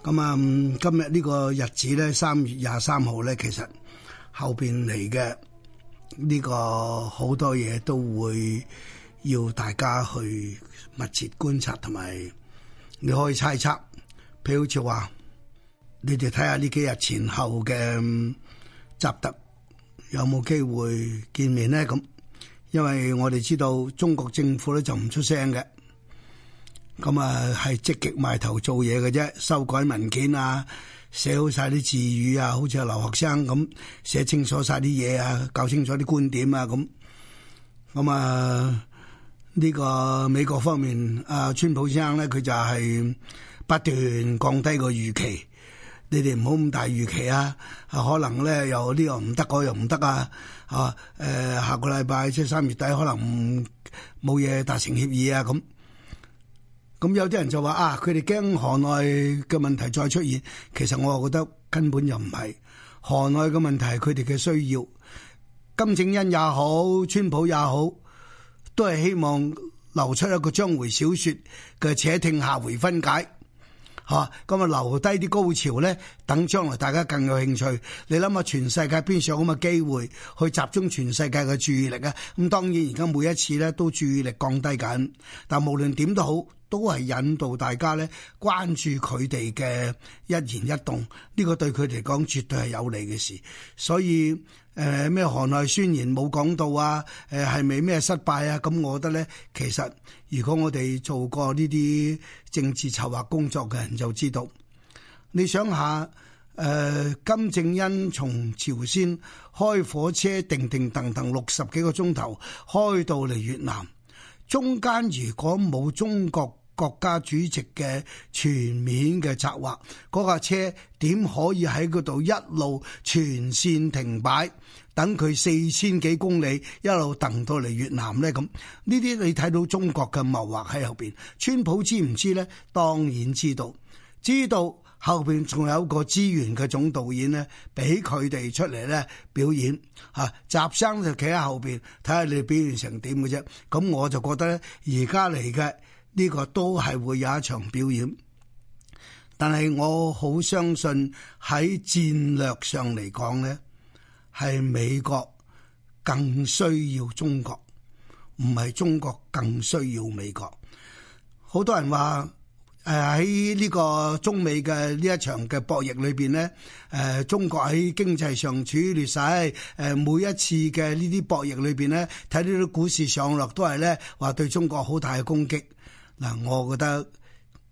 咁啊，今日呢個日子咧，三月廿三號咧，其實後邊嚟嘅呢個好多嘢都會要大家去密切觀察同埋，你可以猜測，譬如好似話，你哋睇下呢幾日前後嘅習特有冇機會見面咧？咁，因為我哋知道中國政府咧就唔出聲嘅。咁啊，係積極埋頭做嘢嘅啫，修改文件啊，寫好晒啲字語啊，好似留學生咁寫清楚晒啲嘢啊，搞清楚啲觀點啊，咁咁啊，呢個美國方面啊，川普先生咧，佢就係不斷降低個預期，你哋唔好咁大預期啊，啊可能咧又呢個唔得，嗰個唔得啊，啊誒，下個禮拜即係三月底，可能冇嘢達成協議啊，咁。咁、嗯、有啲人就話啊，佢哋驚河內嘅問題再出現。其實我啊覺得根本就唔係河內嘅問題，係佢哋嘅需要。金正恩也好，川普也好，都係希望留出一個章回小說嘅且聽下回分解吓。咁啊、嗯、留低啲高潮咧，等將來大家更有興趣。你諗下全世界邊上有咁嘅機會去集中全世界嘅注意力啊？咁、嗯、當然而家每一次咧都注意力降低緊，但無論點都好。都係引導大家咧關注佢哋嘅一言一動，呢、這個對佢哋講絕對係有利嘅事。所以誒咩、呃、韓內宣言冇講到啊？誒係咪咩失敗啊？咁我覺得咧，其實如果我哋做過呢啲政治籌劃工作嘅人就知道，你想下誒、呃、金正恩從朝鮮開火車定定頓頓六十幾個鐘頭開到嚟越南，中間如果冇中國。國家主席嘅全面嘅策劃，嗰架車點可以喺嗰度一路全線停擺，等佢四千幾公里一路蹬到嚟越南咧？咁呢啲你睇到中國嘅謀劃喺後邊。川普知唔知咧？當然知道，知道後邊仲有個資源嘅總導演咧，俾佢哋出嚟咧表演吓，習、啊、生就企喺後邊睇下你表現成點嘅啫。咁我就覺得咧，而家嚟嘅。呢個都係會有一場表演，但係我好相信喺戰略上嚟講咧，係美國更需要中國，唔係中國更需要美國。好多人話，誒喺呢個中美嘅呢一場嘅博弈裏邊咧，誒、呃、中國喺經濟上處於劣勢，誒每一次嘅呢啲博弈裏邊咧，睇呢啲股市上落都係咧話對中國好大嘅攻擊。嗱，我覺得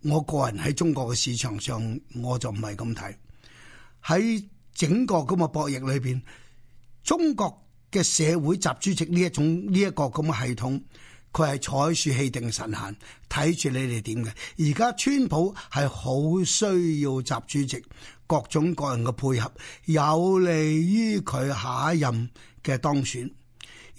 我個人喺中國嘅市場上，我就唔係咁睇。喺整個咁嘅博弈裏邊，中國嘅社會、習主席呢一種呢一個咁嘅系統，佢係採取氣定神閒睇住你哋點嘅。而家川普係好需要習主席各種各樣嘅配合，有利於佢下一任嘅當選，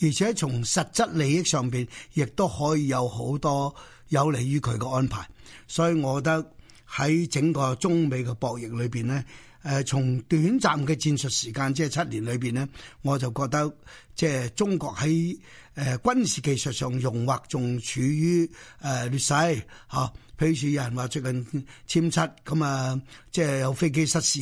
而且從實質利益上邊亦都可以有好多，有利於佢嘅安排，所以我覺得喺整個中美嘅博弈裏邊咧，誒、呃、從短暫嘅戰術時間，即係七年裏邊咧，我就覺得即係中國喺誒、呃、軍事技術上融劃仲處於誒、呃、劣勢嚇。譬如有人話最近殲七，咁啊，即係有飛機失事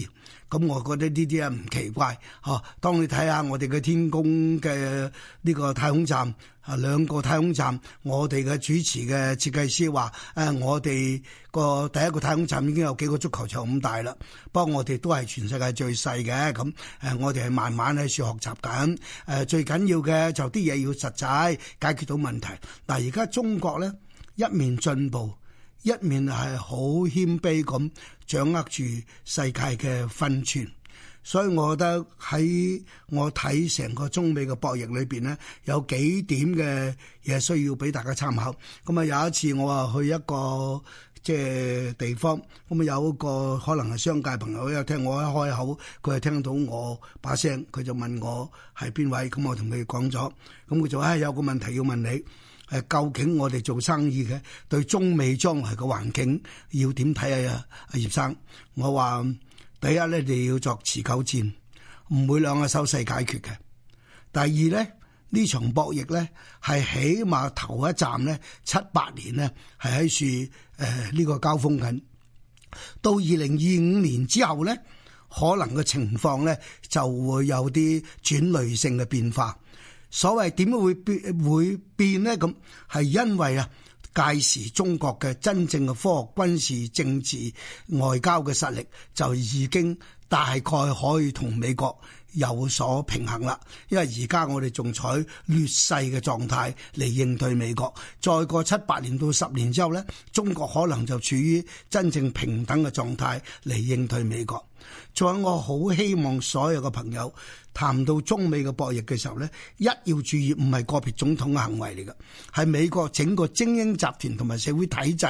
咁，我覺得呢啲啊唔奇怪。嗬、啊，當你睇下我哋嘅天宮嘅呢個太空站啊，兩個太空站，我哋嘅主持嘅設計師話：誒、啊，我哋個第一個太空站已經有幾個足球場咁大啦。不過我哋都係全世界最細嘅咁誒，我哋係慢慢喺處學習緊誒、啊。最緊要嘅就啲嘢要實際解決到問題。嗱、啊，而家中國咧一面進步，一面係好謙卑咁掌握住世界嘅分寸，所以我覺得喺我睇成個中美嘅博弈裏邊咧，有幾點嘅嘢需要俾大家參考。咁啊，有一次我啊去一個即係地方，咁啊有一個可能係商界朋友，一聽我一開口，佢就聽到我把聲，佢就問我係邊位，咁我同佢講咗，咁佢就唉，有個問題要問你。誒，究竟我哋做生意嘅對中美將來嘅環境要點睇啊？阿葉生，我話第一咧，你要作持久戰，唔會兩個收勢解決嘅。第二咧，呢場博弈咧，係起碼頭一站咧七八年咧，係喺樹誒呢、呃這個交鋒緊，到二零二五年之後咧，可能個情況咧就會有啲轉類性嘅變化。所謂點解會變會變咧？咁係因為啊，屆時中國嘅真正嘅科學、軍事、政治、外交嘅實力就已經大概可以同美國。有所平衡啦，因為而家我哋仲採取劣勢嘅狀態嚟應對美國。再過七八年到十年之後咧，中國可能就處於真正平等嘅狀態嚟應對美國。再我好希望所有嘅朋友談到中美嘅博弈嘅時候咧，一要注意，唔係個別總統嘅行為嚟嘅，係美國整個精英集團同埋社會體制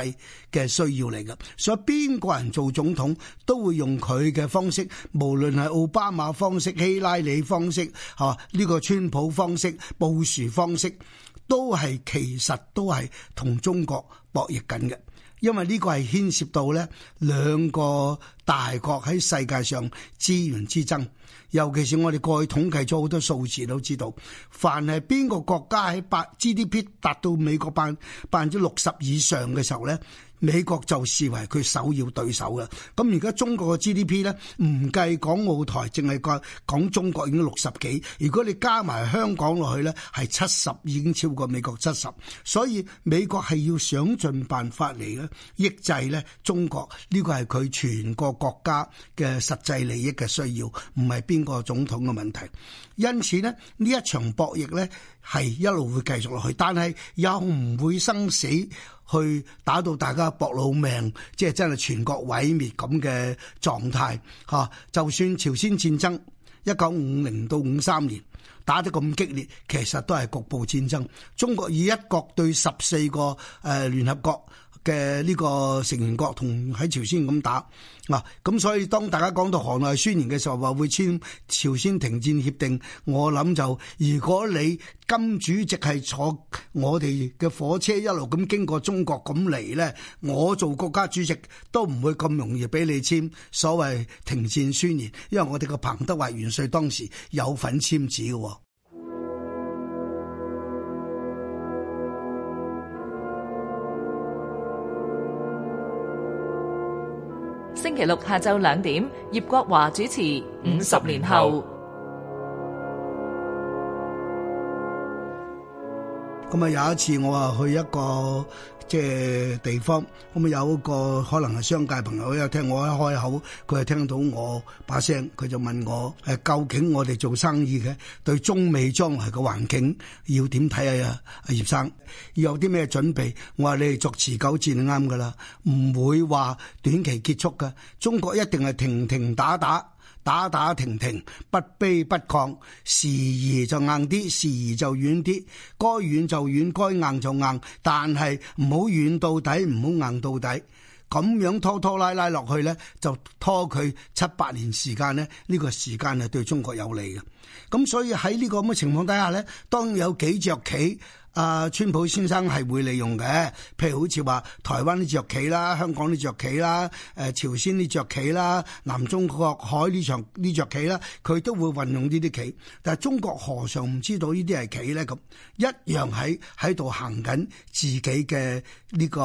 嘅需要嚟嘅。所以，邊個人做總統都會用佢嘅方式，無論係奧巴馬方式，希。希拉里方式，吓、這、呢個川普方式、布殊方式，都係其實都係同中國博弈緊嘅，因為呢個係牽涉到咧兩個大國喺世界上資源之爭，尤其是我哋過去統計咗好多數字都知道，凡係邊個國家喺百 G D P 達到美國百百分之六十以上嘅時候咧。美國就視為佢首要對手嘅，咁而家中國嘅 GDP 咧，唔計港澳台，淨係講中國已經六十幾，如果你加埋香港落去咧，係七十已經超過美國七十，所以美國係要想盡辦法嚟抑制咧中國，呢個係佢全個國家嘅實際利益嘅需要，唔係邊個總統嘅問題。因此呢，呢一場博弈咧係一路會繼續落去，但係又唔會生死。去打到大家搏老命，即係真係全國毀滅咁嘅狀態吓。就算朝鮮戰爭一九五零到五三年打得咁激烈，其實都係局部戰爭。中國以一國對十四個誒聯合國。嘅呢個成員國同喺朝鮮咁打嗱，咁、啊、所以當大家講到河內宣言嘅時候話會簽朝鮮停戰協定，我諗就如果你金主席係坐我哋嘅火車一路咁經過中國咁嚟咧，我做國家主席都唔會咁容易俾你簽所謂停戰宣言，因為我哋個彭德懷元帥當時有份簽字嘅。星期六下晝兩點，葉國華主持《五十年後》。咁啊！有一次我啊去一個即係地方，咁啊有一個可能係商界朋友，一聽我一開口，佢就聽到我把聲，佢就問我：誒，究竟我哋做生意嘅對中美將來嘅環境要點睇啊？阿葉生要有啲咩準備？我話你哋作持久戰啱噶啦，唔會話短期結束噶。中國一定係停停打打。打打停停，不卑不亢，時而就硬啲，時而就軟啲，該軟就軟，該硬就硬，但係唔好軟到底，唔好硬到底，咁樣拖拖拉拉落去咧，就拖佢七八年時間咧，呢個時間係對中國有利嘅。咁所以喺呢個咁嘅情況底下咧，當有幾着棋。啊，川普先生係會利用嘅，譬如好似話台灣呢隻棋啦，香港呢隻棋啦，誒、呃、朝鮮呢隻棋啦，南中國海呢場呢隻棋啦，佢都會運用呢啲棋，但係中國何嘗唔知道呢啲係棋咧？咁一樣喺喺度行緊自己嘅呢、這個誒、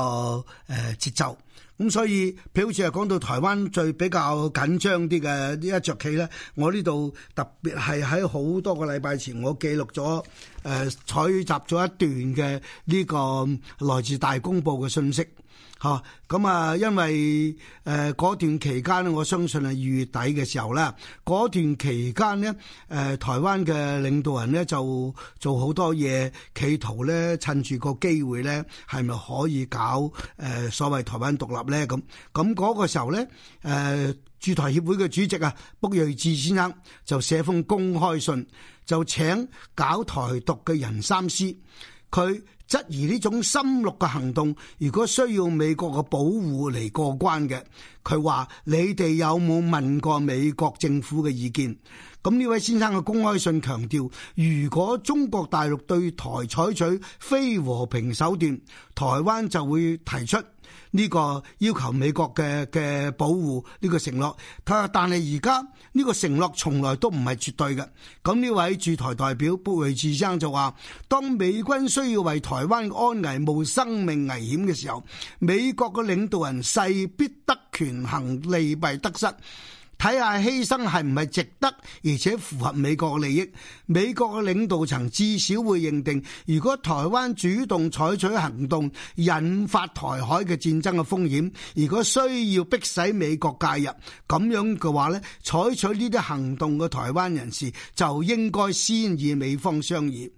呃、節奏。咁所以，譬如好似係講到台灣最比較緊張啲嘅呢一着棋咧，我呢度特別係喺好多個禮拜前，我記錄咗誒採集咗一段嘅呢個來自大公報嘅信息。吓咁啊！因為誒嗰、呃、段期間咧，我相信係二月底嘅時候啦。嗰段期間呢，誒台灣嘅領導人呢就做好多嘢，企圖呢趁住個機會呢係咪可以搞誒、呃、所謂台灣獨立呢？咁咁嗰個時候呢，誒、呃，駐台協會嘅主席啊，卜睿哲先生就寫封公開信，就請搞台獨嘅人三思，佢。質疑呢種深入嘅行動，如果需要美國嘅保護嚟過關嘅，佢話：你哋有冇問過美國政府嘅意見？咁呢位先生嘅公開信強調，如果中國大陸對台採取非和平手段，台灣就會提出。呢個要求美國嘅嘅保護呢個承諾，佢但係而家呢個承諾從來都唔係絕對嘅。咁呢位駐台代表布雷治生就話：當美軍需要為台灣安危冒生命危險嘅時候，美國嘅領導人勢必得權衡利弊得失。睇下犧牲係唔係值得，而且符合美國嘅利益。美國嘅領導層至少會認定，如果台灣主動採取行動，引發台海嘅戰爭嘅風險；如果需要迫使美國介入，咁樣嘅話咧，採取呢啲行動嘅台灣人士就應該先以美方商議。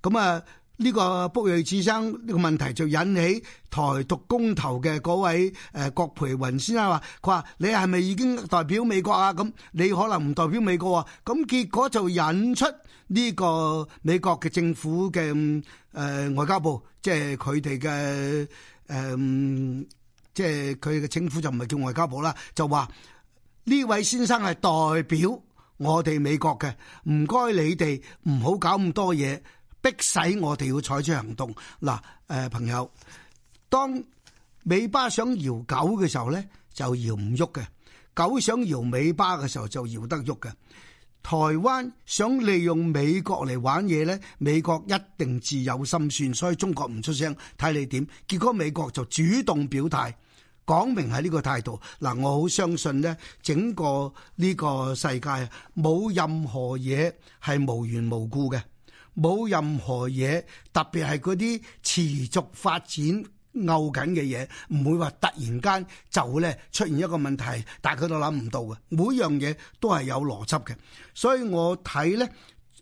咁啊！呢個卜瑞智生呢、這個問題就引起台獨公投嘅嗰位誒、呃、郭培雲先生話：佢話你係咪已經代表美國啊？咁你可能唔代表美國喎、啊。咁結果就引出呢個美國嘅政府嘅誒、呃、外交部，即係佢哋嘅誒，即係佢哋嘅稱呼就唔係叫外交部啦，就話呢位先生係代表我哋美國嘅，唔該你哋唔好搞咁多嘢。迫使我哋要採取行動嗱，誒朋友，當尾巴想搖狗嘅時候咧，就搖唔喐嘅，狗想搖尾巴嘅時候，就搖得喐嘅。台灣想利用美國嚟玩嘢咧，美國一定自有心算，所以中國唔出聲，睇你點。結果美國就主動表態，講明係呢個態度。嗱，我好相信咧，整個呢個世界冇任何嘢係無緣無故嘅。冇任何嘢，特別係嗰啲持續發展拗緊嘅嘢，唔會話突然間就咧出現一個問題，大家都諗唔到嘅。每樣嘢都係有邏輯嘅，所以我睇咧，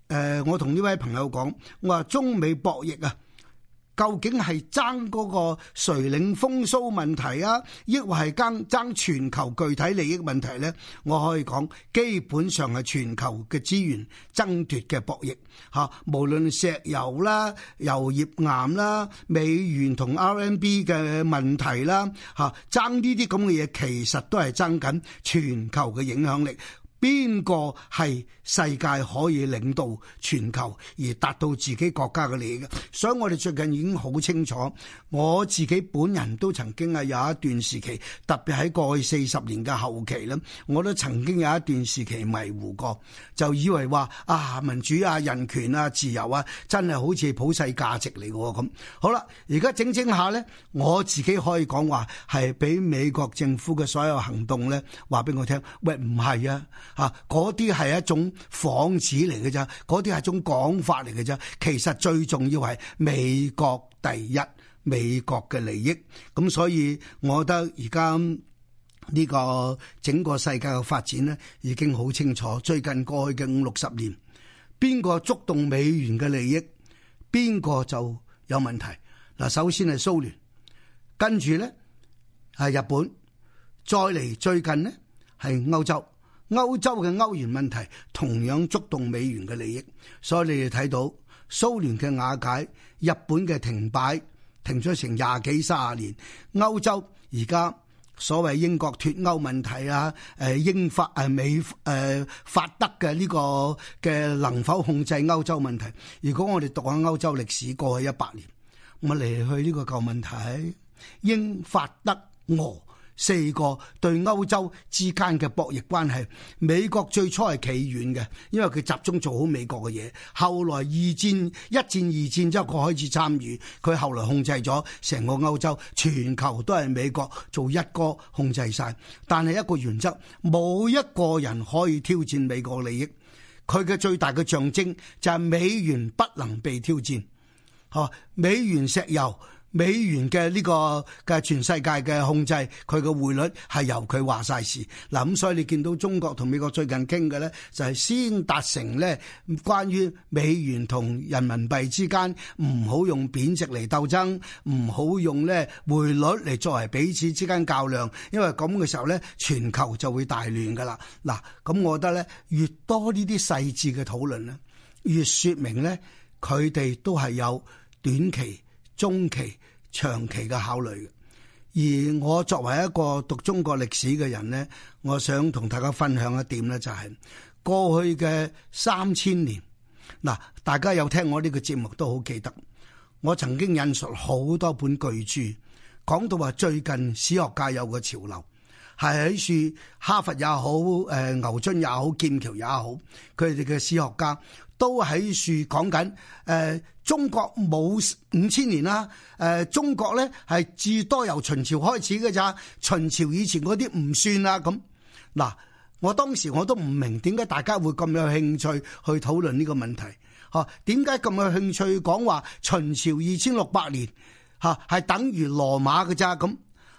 誒，我同呢位朋友講，我話中美博弈啊。究竟係爭嗰個誰領風騷問題啊，抑或係爭爭全球具體利益問題咧？我可以講，基本上係全球嘅資源爭奪嘅博弈吓，無論石油啦、油頁岩啦、美元同 RMB 嘅問題啦吓，爭呢啲咁嘅嘢，其實都係爭緊全球嘅影響力。邊個係世界可以領導全球而達到自己國家嘅利益嘅？所以我哋最近已經好清楚，我自己本人都曾經啊有一段時期，特別喺過去四十年嘅後期咧，我都曾經有一段時期迷糊過，就以為話啊民主啊人權啊自由啊，真係好似普世價值嚟嘅咁。好啦，而家整整下咧，我自己可以講話係俾美國政府嘅所有行動咧，話俾我聽，喂，唔係啊！啊！嗰啲係一種幌子嚟嘅啫，嗰啲係種講法嚟嘅啫。其實最重要係美國第一，美國嘅利益。咁所以我覺得而家呢個整個世界嘅發展呢，已經好清楚。最近過去嘅五六十年，邊個觸動美元嘅利益，邊個就有問題。嗱，首先係蘇聯，跟住呢係日本，再嚟最近呢係歐洲。歐洲嘅歐元問題同樣觸動美元嘅利益，所以你哋睇到蘇聯嘅瓦解，日本嘅停擺停咗成廿幾卅年，歐洲而家所謂英國脫歐問題啊，誒英法誒美誒法德嘅呢個嘅能否控制歐洲問題？如果我哋讀下歐洲歷史過去一百年，咪嚟去呢個舊問題，英法德俄。四個對歐洲之間嘅博弈關係，美國最初係企遠嘅，因為佢集中做好美國嘅嘢。後來二戰、一戰、二戰之後佢開始參與，佢後來控制咗成個歐洲，全球都係美國做一哥控制晒。但係一個原則，冇一個人可以挑戰美國利益。佢嘅最大嘅象徵就係美元不能被挑戰。吓，美元石油。美元嘅呢個嘅全世界嘅控制，佢嘅匯率係由佢話晒事。嗱咁，所以你見到中國同美國最近傾嘅咧，就係先達成咧關於美元同人民幣之間唔好用貶值嚟鬥爭，唔好用咧匯率嚟作為彼此之間較量，因為咁嘅時候咧，全球就會大亂噶啦。嗱，咁我覺得咧，越多呢啲細緻嘅討論咧，越說明咧佢哋都係有短期、中期。長期嘅考慮嘅，而我作為一個讀中國歷史嘅人咧，我想同大家分享一點咧、就是，就係過去嘅三千年。嗱，大家有聽我呢個節目都好記得，我曾經引述好多本巨著，講到話最近史學界有個潮流，係喺處哈佛也好、誒牛津也好、劍橋也好，佢哋嘅史學家。都喺度講緊誒，中國冇五千年啦。誒、呃，中國咧係至多由秦朝開始㗎咋。秦朝以前嗰啲唔算啦。咁嗱，我當時我都唔明點解大家會咁有興趣去討論呢個問題。吓、啊，點解咁有興趣講話秦朝二千六百年吓係、啊、等於羅馬㗎？咋。咁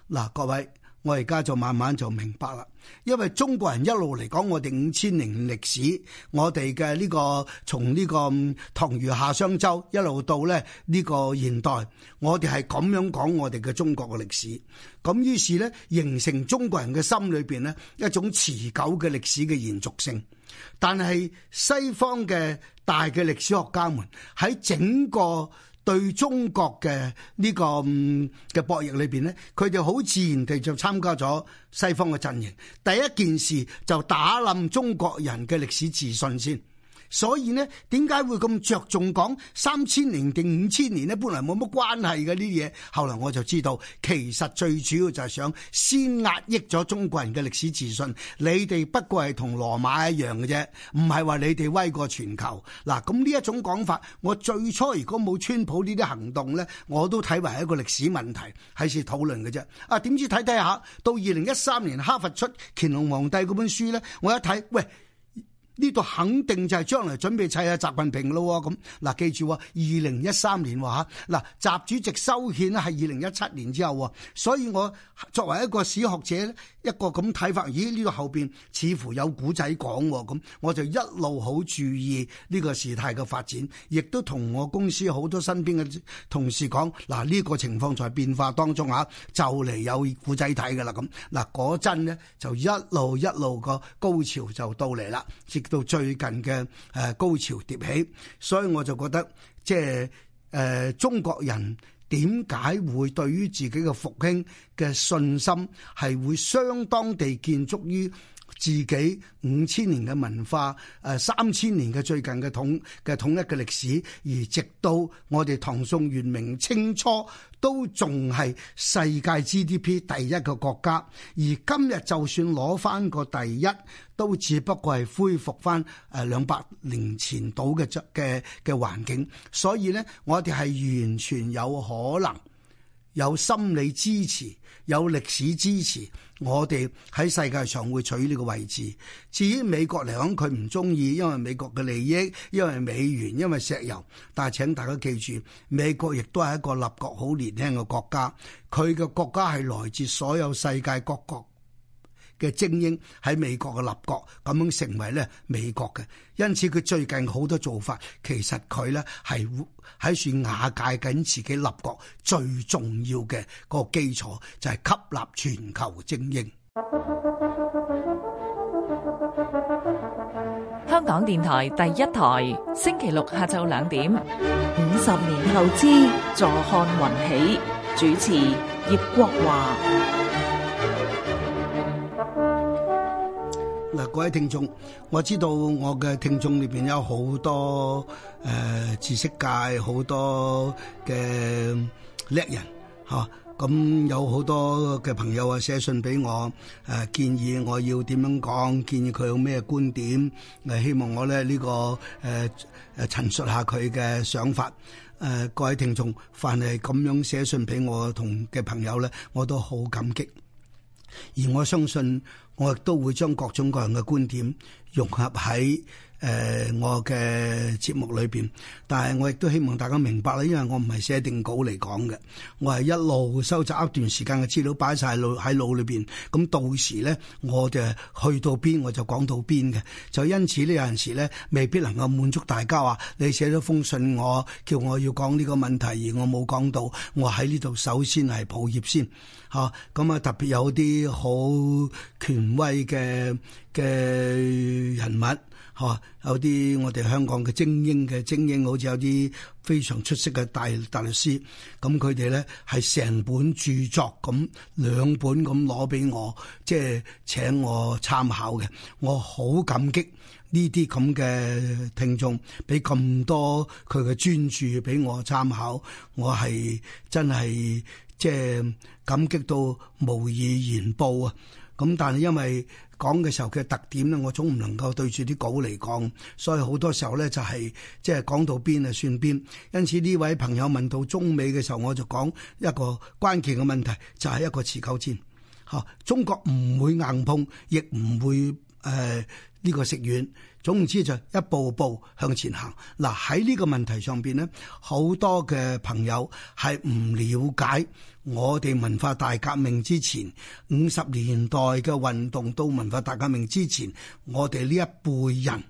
嗱，各位。我而家就慢慢就明白啦，因為中國人一路嚟講我哋五千年歷史，我哋嘅呢個從呢個唐虞夏商周一路到咧呢個現代，我哋係咁樣講我哋嘅中國嘅歷史，咁於是咧形成中國人嘅心裏邊呢一種持久嘅歷史嘅延續性，但係西方嘅大嘅歷史學家們喺整個。對中國嘅呢個嘅、嗯、博弈裏邊咧，佢哋好自然地就參加咗西方嘅陣營。第一件事就打冧中國人嘅歷史自信先。所以呢，點解會咁着重講三千年定五千年呢？本來冇乜關係嘅呢啲嘢，後來我就知道，其實最主要就係想先壓抑咗中國人嘅歷史自信。你哋不過係同羅馬一樣嘅啫，唔係話你哋威過全球。嗱，啊，咁呢一種講法，我最初如果冇川普呢啲行動呢，我都睇為係一個歷史問題，喺處討論嘅啫。啊，點知睇睇下，到二零一三年哈佛出乾隆皇帝嗰本書呢，我一睇，喂！呢度肯定就係將來準備砌下習近平咯。咁嗱，記住啊，二零一三年話吓嗱，習主席修憲咧，係二零一七年之後，所以我作為一個史學者一個咁睇法，咦，呢個後邊似乎有古仔講咁，我就一路好注意呢個事態嘅發展，亦都同我公司好多身邊嘅同事講嗱，呢個情況在變化當中吓，就嚟有古仔睇噶啦。咁嗱，嗰陣呢就一路一路個高潮就到嚟啦，到最近嘅誒高潮迭起，所以我就覺得即係誒中國人點解會對於自己嘅復興嘅信心係會相當地建築於。自己五千年嘅文化，誒三千年嘅最近嘅統嘅統一嘅歷史，而直到我哋唐宋元明清初都仲係世界 GDP 第一個國家，而今日就算攞翻個第一，都只不過係恢復翻誒兩百年前到嘅嘅嘅環境，所以咧，我哋係完全有可能。有心理支持，有歷史支持，我哋喺世界上會取呢個位置。至於美國嚟講，佢唔鍾意，因為美國嘅利益，因為美元，因為石油。但係請大家記住，美國亦都係一個立國好年輕嘅國家，佢嘅國家係來自所有世界各國。嘅精英喺美國嘅立國咁樣成為咧美國嘅，因此佢最近好多做法，其實佢咧係喺算瓦解緊自己立國最重要嘅個基礎，就係、是、吸納全球精英。香港電台第一台，星期六下晝兩點，五十年後之，坐看雲起，主持葉國華。各位聽眾，我知道我嘅聽眾裏面有好多誒知識界好多嘅叻人吓，咁有好多嘅朋友啊，寫信俾我誒建議我要點樣講，建議佢有咩觀點，誒希望我咧呢個誒誒陳述下佢嘅想法。誒，各位聽眾，凡係咁樣寫信俾我同嘅朋友咧，我都好感激。而我相信，我亦都會將各種各樣嘅觀點融合喺誒、呃，我嘅節目裏邊，但係我亦都希望大家明白啦，因為我唔係寫定稿嚟講嘅，我係一路收集一段時間嘅資料，擺晒喺腦喺腦裏邊。咁、嗯、到時咧，我就去到邊，我就講到邊嘅。就因此呢，有陣時咧，未必能夠滿足大家話你寫咗封信我，叫我要講呢個問題，而我冇講到。我喺呢度首先係抱歉先嚇，咁啊、嗯、特別有啲好權威嘅嘅人物嚇。有啲我哋香港嘅精英嘅精英，好似有啲非常出色嘅大大律師，咁佢哋呢係成本著作咁兩本咁攞俾我，即係請我參考嘅。我好感激呢啲咁嘅聽眾俾咁多佢嘅專注俾我參考，我係真係即係感激到無以言報啊！咁但係因為講嘅時候佢嘅特點咧，我總唔能夠對住啲稿嚟講，所以好多時候咧就係即係講到邊啊算邊。因此呢位朋友問到中美嘅時候，我就講一個關鍵嘅問題，就係、是、一個持久戰。嚇，中國唔會硬碰，亦唔會誒呢、呃這個食軟，總言之就一步一步向前行。嗱，喺呢個問題上邊呢，好多嘅朋友係唔了解。我哋文化大革命之前五十年代嘅運動到文化大革命之前，我哋呢一輩人，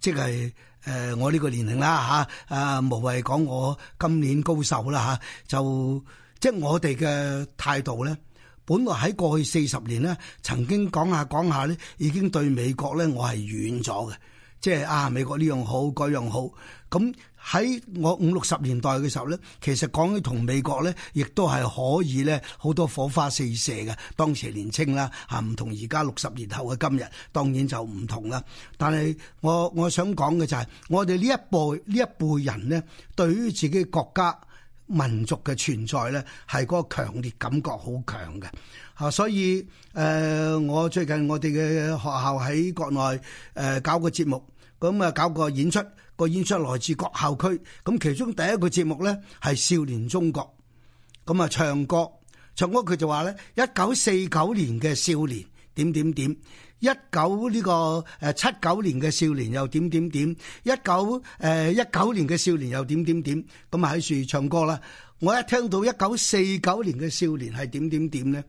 即係誒我呢個年齡啦吓，啊，啊無謂講我今年高壽啦吓，就即係我哋嘅態度咧，本來喺過去四十年呢，曾經講下講下咧，已經對美國咧我係遠咗嘅。即係啊！美國呢樣好，嗰樣好。咁喺我五六十年代嘅時候咧，其實講起同美國咧，亦都係可以咧，好多火花四射嘅。當時年青啦，嚇唔同而家六十年後嘅今日，當然就唔同啦。但係我我想講嘅就係、是，我哋呢一輩呢一輩人呢，對於自己國家民族嘅存在咧，係嗰個強烈感覺好強嘅嚇。所以誒、呃，我最近我哋嘅學校喺國內誒、呃、搞個節目。咁啊，搞個演出，個演出來自各校區。咁其中第一個節目咧係《少年中國》。咁啊，唱歌唱歌，佢就話咧：一九四九年嘅少年點點點，一九呢個誒七九年嘅少年又點點點，一九誒一九年嘅少年又點點點。咁啊，喺樹唱歌啦。我一聽到一九四九年嘅少年係點點點咧，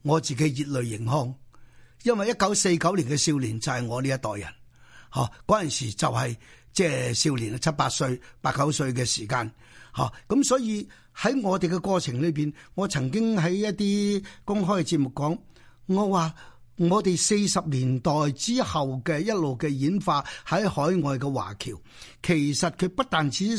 我自己熱淚盈眶，因為一九四九年嘅少年就係我呢一代人。嚇！嗰陣時就係即係少年七八歲、八九歲嘅時間，嚇！咁所以喺我哋嘅過程裏邊，我曾經喺一啲公開嘅節目講，我話我哋四十年代之後嘅一路嘅演化喺海外嘅華僑，其實佢不但只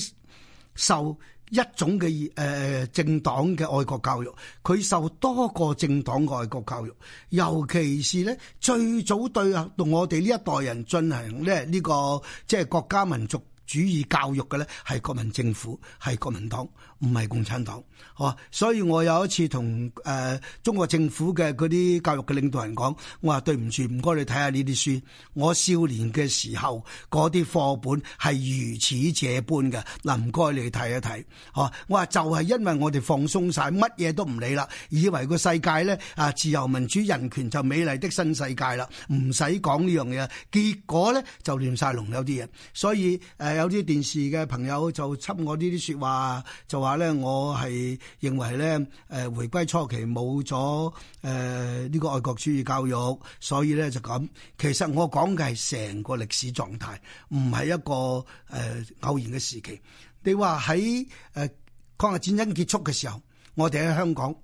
受一種嘅誒、呃、政黨嘅愛國教育，佢受多個政黨愛國教育，尤其是咧最早對同我哋呢一代人進行咧、這、呢個即係國家民族主義教育嘅咧，係國民政府，係國民黨。唔係共產黨吓，所以我有一次同誒、呃、中國政府嘅啲教育嘅領導人講，我話對唔住，唔該你睇下呢啲書，我少年嘅時候啲課本係如此這般嘅，嗱唔該你睇一睇，吓，我話就係因為我哋放鬆晒，乜嘢都唔理啦，以為個世界咧啊自由民主人權就美麗的新世界啦，唔使講呢樣嘢，結果咧就亂晒龍有啲嘢，所以誒、呃、有啲電視嘅朋友就輯我呢啲說話，就話。咧，我係認為咧，誒，回歸初期冇咗誒呢個愛國主義教育，所以咧就咁。其實我講嘅係成個歷史狀態，唔係一個誒、呃、偶然嘅時期。你話喺誒抗日戰爭結束嘅時候，我哋喺香港，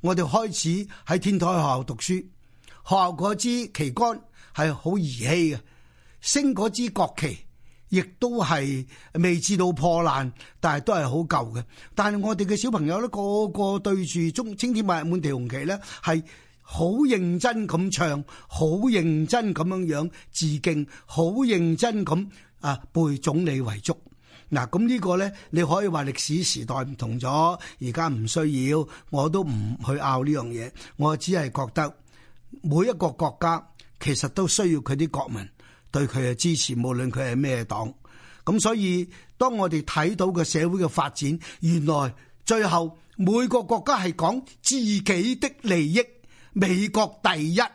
我哋開始喺天台學校讀書，學校支旗杆係好兒戲嘅，升支國旗。亦都係未至到破爛，但係都係好舊嘅。但係我哋嘅小朋友咧，個個對住中《青天白日滿地紅旗》咧，係好認真咁唱，好認真咁樣樣致敬，好認真咁啊背總理遺囑。嗱、啊，咁呢個咧，你可以話歷史時代唔同咗，而家唔需要，我都唔去拗呢樣嘢。我只係覺得每一個國家其實都需要佢啲國民對佢嘅支持，無論佢係咩黨，咁所以當我哋睇到個社會嘅發展，原來最後每個國家係講自己的利益，美國第一啊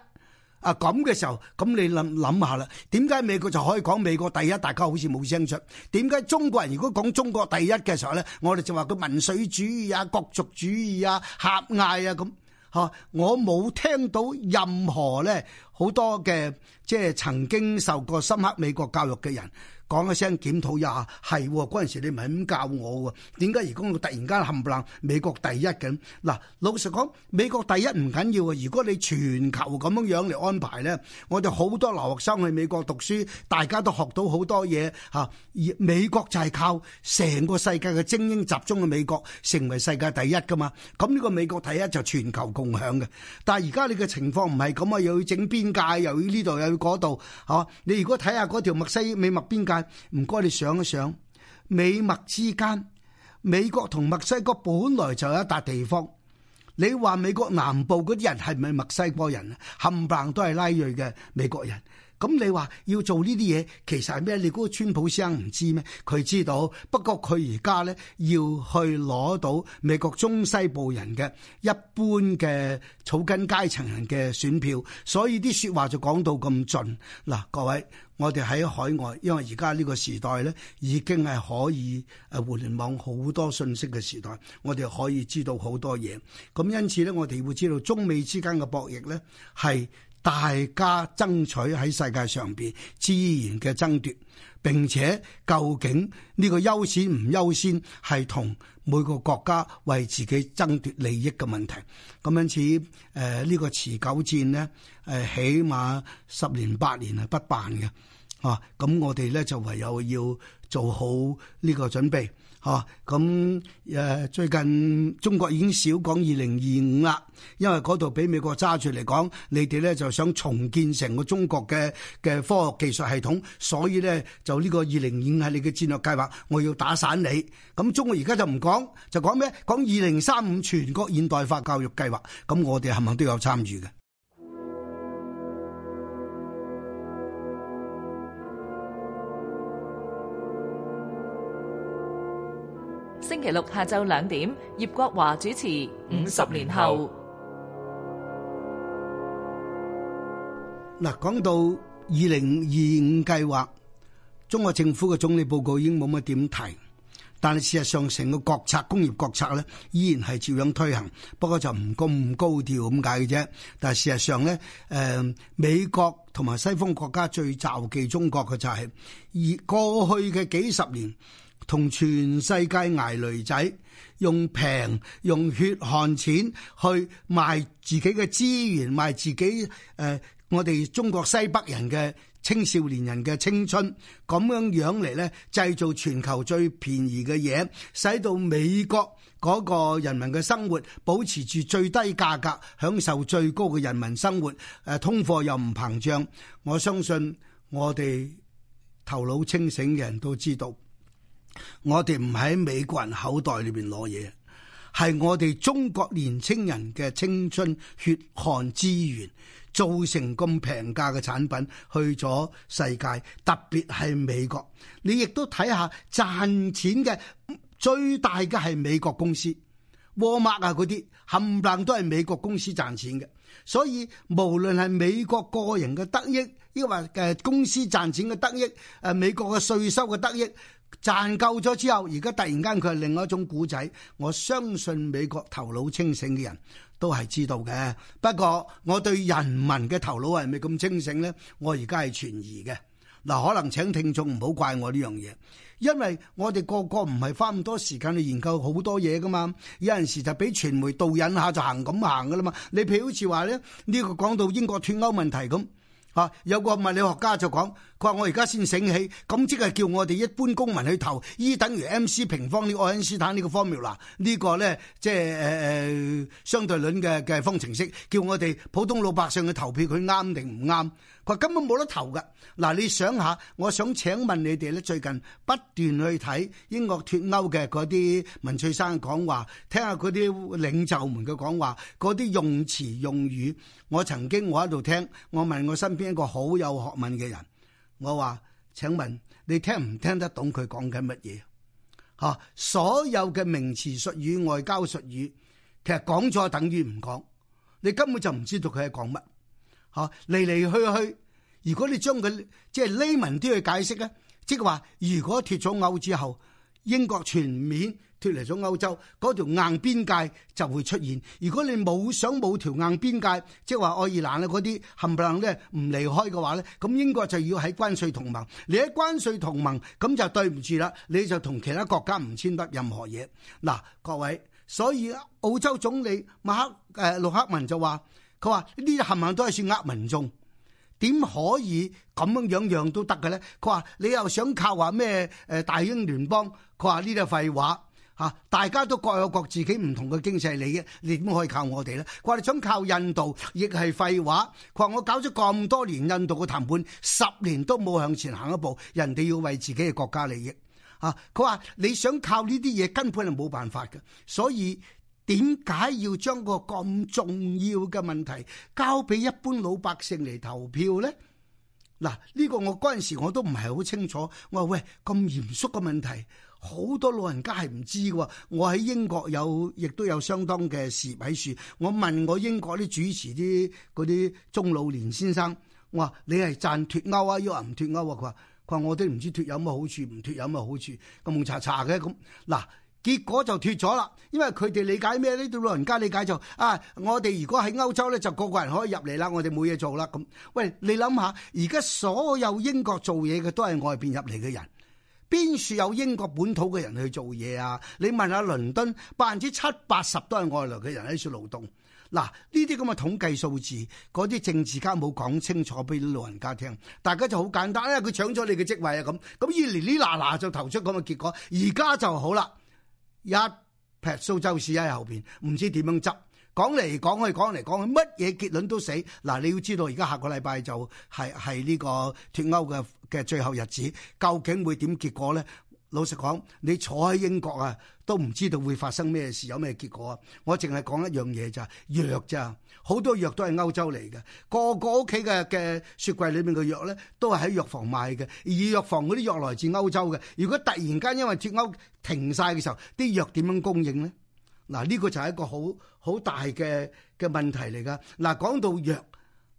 咁嘅時候，咁你諗諗下啦，點解美國就可以講美國第一？大家好似冇聲出，點解中國人如果講中國第一嘅時候咧，我哋就話佢民粹主義啊、國族主義啊、狹隘啊咁。吓，我冇聽到任何咧，好多嘅即係曾經受過深刻美國教育嘅人。講一聲檢討一下，係喎，嗰陣時你唔係咁教我喎，點解而家我突然間冚唪唥美國第一咁？嗱，老實講，美國第一唔緊要啊。如果你全球咁樣樣嚟安排咧，我哋好多留學生去美國讀書，大家都學到好多嘢嚇。而、啊、美國就係靠成個世界嘅精英集中喺美國，成為世界第一噶嘛。咁、啊、呢個美國第一就全球共享嘅。但係而家你嘅情況唔係咁啊，又要整邊界，又要呢度，又要嗰度，嚇、啊！你如果睇下嗰條墨西哥美墨邊界。唔該，你想一想，美墨之間，美國同墨西哥本來就有一笪地方。你話美國南部啲人係唔係墨西哥人啊？冚唪都係拉瑞嘅美國人。咁你話要做呢啲嘢，其實係咩？你估川普生唔知咩？佢知道，不過佢而家咧要去攞到美國中西部人嘅一般嘅草根階層人嘅選票，所以啲説話就講到咁盡。嗱，各位，我哋喺海外，因為而家呢個時代咧已經係可以誒互聯網好多信息嘅時代，我哋可以知道好多嘢。咁因此咧，我哋會知道中美之間嘅博弈咧係。大家爭取喺世界上邊資源嘅爭奪，並且究竟呢個優先唔優先係同每個國家為自己爭奪利益嘅問題。咁因此，誒、呃、呢、呢個持久戰呢，誒、呃、起碼十年八年係不辦嘅。啊，咁我哋咧就唯有要做好呢個準備。吓咁誒，最近中國已經少講二零二五啦，因為嗰度俾美國揸住嚟講，你哋咧就想重建成個中國嘅嘅科學技術系統，所以咧就呢個二零二五係你嘅戰略計劃，我要打散你。咁中國而家就唔講，就講咩？講二零三五全國現代化教育計劃，咁我哋係咪都有參與嘅？星期六下晝兩點，葉國華主持。五十年後，嗱，講到二零二五計劃，中國政府嘅總理報告已經冇乜點提，但係事實上，成個國策、工業國策咧，依然係照樣推行，不過就唔咁高調咁解嘅啫。但係事實上咧，誒，美國同埋西方國家最咒忌中國嘅就係，而過去嘅幾十年。同全世界捱雷仔，用平用血汗錢去賣自己嘅資源，賣自己誒、呃，我哋中國西北人嘅青少年人嘅青春咁樣樣嚟咧，製造全球最便宜嘅嘢，使到美國嗰個人民嘅生活保持住最低價格，享受最高嘅人民生活。誒、啊，通貨又唔膨脹。我相信我哋頭腦清醒嘅人都知道。我哋唔喺美國人口袋裏邊攞嘢，係我哋中國年青人嘅青春血汗資源，造成咁平價嘅產品去咗世界，特別係美國。你亦都睇下賺錢嘅最大嘅係美國公司，沃爾瑪啊，嗰啲冚唪唥都係美國公司賺錢嘅。所以無論係美國個人嘅得益，抑或誒公司賺錢嘅得益，誒美國嘅稅收嘅得益。賺夠咗之後，而家突然間佢係另外一種古仔，我相信美國頭腦清醒嘅人都係知道嘅。不過我對人民嘅頭腦係咪咁清醒呢？我而家係存疑嘅。嗱，可能請聽眾唔好怪我呢樣嘢，因為我哋個個唔係花咁多時間去研究好多嘢噶嘛，有陣時就俾傳媒導引下就行，咁行噶啦嘛。你譬如好似話呢，呢個講到英國脫歐問題咁。啊！有個物理學家就講，佢話我而家先醒起，咁即係叫我哋一般公民去投 E 等於 M C 平方呢？愛因斯坦呢個 formula。呢個咧，即係誒誒相對論嘅嘅方程式，叫我哋普通老百姓去投票，佢啱定唔啱？佢根本冇得投噶。嗱、啊,你想下，我想請問你哋咧，最近不斷去睇英國脫歐嘅嗰啲文翠生嘅講話，聽下嗰啲領袖們嘅講話，嗰啲用詞用語，我曾經我喺度聽，我問我身邊一個好有學問嘅人，我話，請問你聽唔聽得懂佢講緊乜嘢？吓、啊，所有嘅名詞術語、外交術語，其實講咗等於唔講，你根本就唔知道佢係講乜。嚇，嚟嚟去去，如果你將佢即係匿文啲去解釋咧，即係話如果脱咗歐之後，英國全面脱離咗歐洲，嗰條硬邊界就會出現。如果你冇想冇條硬邊界，即係話愛爾蘭咧嗰啲冚唪唥咧唔離開嘅話咧，咁英國就要喺關稅同盟。你喺關稅同盟，咁就對唔住啦，你就同其他國家唔簽得任何嘢。嗱，各位，所以澳洲總理馬克、誒、呃、陸克文就話。佢話呢啲冚唪唥都係算呃，民眾，點可以咁樣樣樣都得嘅咧？佢話你又想靠話咩？誒，大英聯邦，佢話呢啲係廢話吓，大家都各有各自己唔同嘅經濟利益，你點可以靠我哋咧？佢話你想靠印度亦係廢話，佢話我搞咗咁多年印度嘅談判，十年都冇向前行一步，人哋要為自己嘅國家利益啊！佢話你想靠呢啲嘢根本係冇辦法嘅，所以。點解要將個咁重要嘅問題交俾一般老百姓嚟投票咧？嗱，呢個我嗰陣時我都唔係好清楚。我話喂，咁嚴肅嘅問題，好多老人家係唔知嘅。我喺英國有，亦都有相當嘅事體樹。我問我英國啲主持啲嗰啲中老年先生，我話你係贊脫歐啊，抑或唔脫歐？佢話佢話我都唔知脫有乜好處，唔脫有乜好處，咁蒙查查嘅咁嗱。結果就脱咗啦，因為佢哋理解咩咧？啲老人家理解就是、啊，我哋如果喺歐洲咧，就個個人可以入嚟，啦我哋冇嘢做啦咁。喂，你諗下，而家所有英國做嘢嘅都係外邊入嚟嘅人，邊處有英國本土嘅人去做嘢啊？你問下倫敦，百分之七八十都係外來嘅人喺處勞動。嗱，呢啲咁嘅統計數字，嗰啲政治家冇講清楚俾啲老人家聽，大家就好簡單，因為佢搶咗你嘅職位啊咁。咁依嚟呢嗱嗱就投出咁嘅結果，而家就好啦。一劈蘇州市喺後邊，唔知點樣執。講嚟講去，講嚟講去，乜嘢結論都死。嗱，你要知道，而家下個禮拜就係係呢個脱歐嘅嘅最後日子，究竟會點結果咧？老實講，你坐喺英國啊，都唔知道會發生咩事，有咩結果啊？我淨係講一樣嘢，就係藥咋，好多藥都係歐洲嚟嘅。個個屋企嘅嘅雪櫃裏面嘅藥咧，都係喺藥房賣嘅，而藥房嗰啲藥來自歐洲嘅。如果突然間因為脫歐停晒嘅時候，啲藥點樣供應咧？嗱，呢個就係一個好好大嘅嘅問題嚟噶。嗱，講到藥。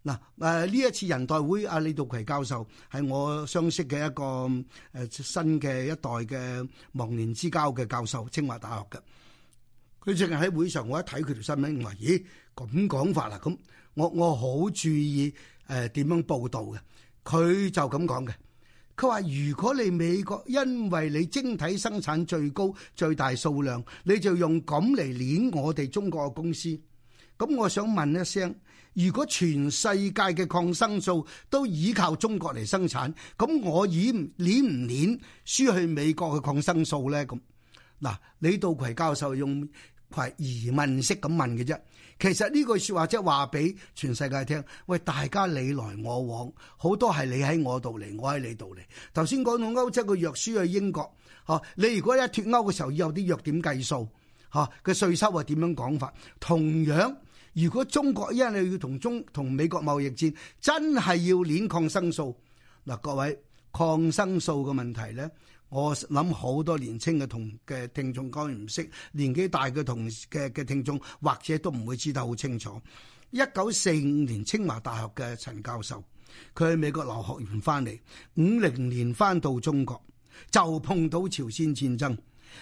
嗱，誒呢一次人代會，阿李稻葵教授係我相識嘅一個誒新嘅一代嘅忘年之交嘅教授，清華大學嘅。佢最近喺會上，我一睇佢條新聞，我話：咦，咁講法啊？咁我我好注意誒點樣報導嘅。佢就咁講嘅。佢話：如果你美國因為你晶體生產最高、最大數量，你就用咁嚟碾我哋中國嘅公司。咁我想問一聲。如果全世界嘅抗生素都依靠中國嚟生產，咁我以捻唔捻輸去美國嘅抗生素咧？咁嗱，李道葵教授用懷疑問式咁問嘅啫。其實呢句說話即係話俾全世界聽，喂，大家你來我往，好多係你喺我度嚟，我喺你度嚟。頭先講到歐洲嘅藥輸去英國，吓、啊、你如果一脫歐嘅時候，有啲藥點計數，吓嘅稅收啊點樣講法？同樣。如果中國因為要同中同美國貿易戰，真係要捻抗生素嗱，各位抗生素嘅問題咧，我諗好多年青嘅同嘅聽眾當然唔識，年紀大嘅同嘅嘅聽眾或者都唔會知道好清楚。一九四五年，清華大學嘅陳教授，佢喺美國留學完翻嚟，五零年翻到中國，就碰到朝鮮戰爭。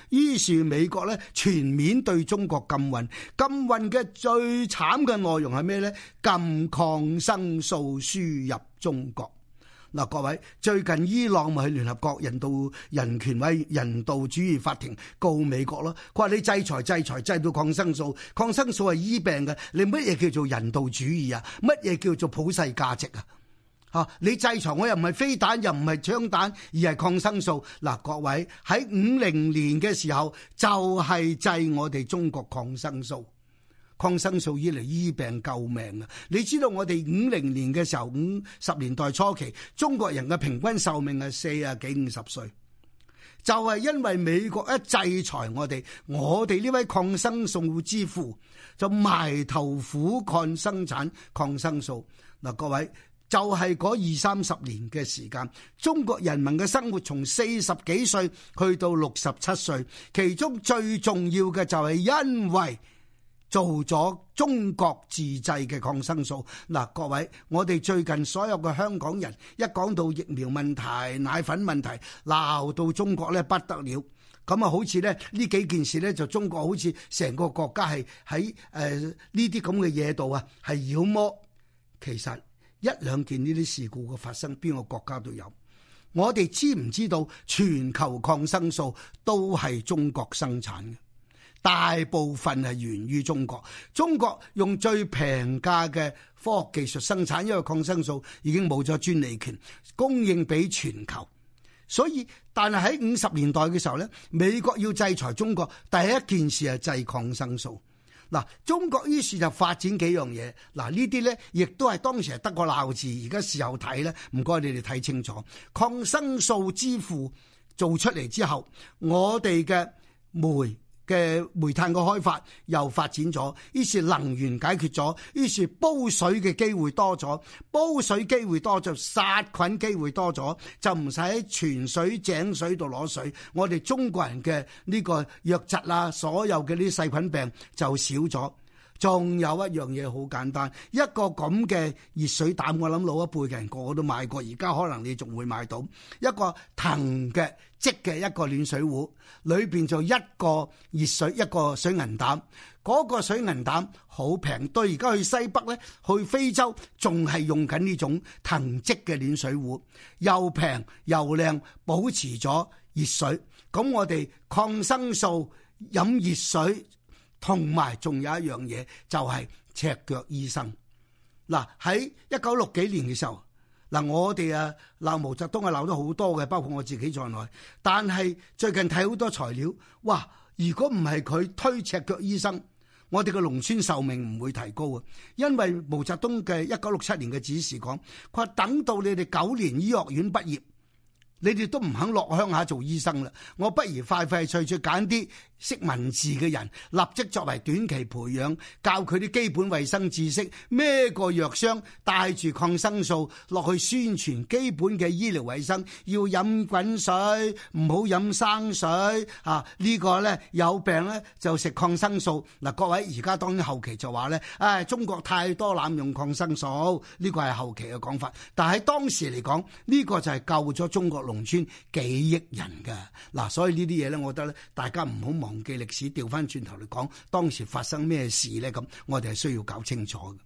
於是美國咧全面對中國禁運，禁運嘅最慘嘅內容係咩呢？禁抗生素輸入中國。嗱，各位最近伊朗咪喺聯合國人道人權委人道主義法庭告美國咯？佢話你制裁制裁制裁到抗生素，抗生素係醫病嘅，你乜嘢叫做人道主義啊？乜嘢叫做普世價值啊？吓！你制裁我又唔係飛彈，又唔係槍彈，而係抗生素。嗱，各位喺五零年嘅時候就係、是、制我哋中國抗生素。抗生素以嚟醫病救命啊！你知道我哋五零年嘅時候五十年代初期，中國人嘅平均壽命係四十幾五十歲，就係、是、因為美國一制裁我哋，我哋呢位抗生素之父就埋頭苦抗生產抗生素。嗱，各位。就係嗰二三十年嘅時間，中國人民嘅生活從四十幾歲去到六十七歲，其中最重要嘅就係因為做咗中國自製嘅抗生素。嗱，各位，我哋最近所有嘅香港人一講到疫苗問題、奶粉問題，鬧到中國呢不得了咁啊，好似呢呢幾件事呢，就中國好似成個國家係喺誒呢啲咁嘅嘢度啊，係妖魔其實。一兩件呢啲事故嘅發生，邊個國家都有？我哋知唔知道全球抗生素都係中國生產嘅？大部分係源於中國。中國用最平價嘅科學技術生產，因為抗生素已經冇咗專利權，供應俾全球。所以，但係喺五十年代嘅時候咧，美國要制裁中國，第一件事係制抗生素。嗱，中國於是就發展幾樣嘢，嗱呢啲咧亦都係當時係得個鬧字，而家時候睇咧，唔該你哋睇清楚，抗生素之父做出嚟之後，我哋嘅酶。嘅煤炭嘅開發又發展咗，於是能源解決咗，於是煲水嘅機會多咗，煲水機會多咗，就殺菌機會多咗，就唔使喺泉水井水度攞水，我哋中國人嘅呢個藥質啊，所有嘅呢啲細菌病就少咗。仲有一樣嘢好簡單，一個咁嘅熱水膽，我諗老一輩嘅人個個都買過，而家可能你仲會買到一個藤嘅織嘅一個暖水壺，裏邊就一個熱水一個水銀膽，嗰個水銀膽好平，到而家去西北呢，去非洲仲係用緊呢種藤織嘅暖水壺，又平又靚，保持咗熱水。咁我哋抗生素飲熱水。同埋仲有一樣嘢，就係、是、赤腳醫生。嗱，喺一九六幾年嘅時候，嗱、啊、我哋啊鬧毛澤東係鬧咗好多嘅，包括我自己在內。但係最近睇好多材料，哇！如果唔係佢推赤腳醫生，我哋嘅農村壽命唔會提高啊。因為毛澤東嘅一九六七年嘅指示講，佢話等到你哋九年醫學院畢業，你哋都唔肯落鄉下做醫生啦。我不如快快脆脆揀啲。識文字嘅人，立即作為短期培養，教佢啲基本衛生知識，孭個藥箱帶住抗生素落去宣傳基本嘅醫療衛生，要飲滾水，唔好飲生水。吓、啊、呢、這個呢，有病呢就食抗生素。嗱、啊，各位而家當然後期就話呢，唉、哎，中國太多濫用抗生素，呢、這個係後期嘅講法。但係當時嚟講，呢、這個就係救咗中國農村幾億人嘅嗱、啊。所以呢啲嘢呢，我覺得呢，大家唔好忘。同記歷史，調翻轉頭嚟講，當時發生咩事咧？咁我哋係需要搞清楚嘅。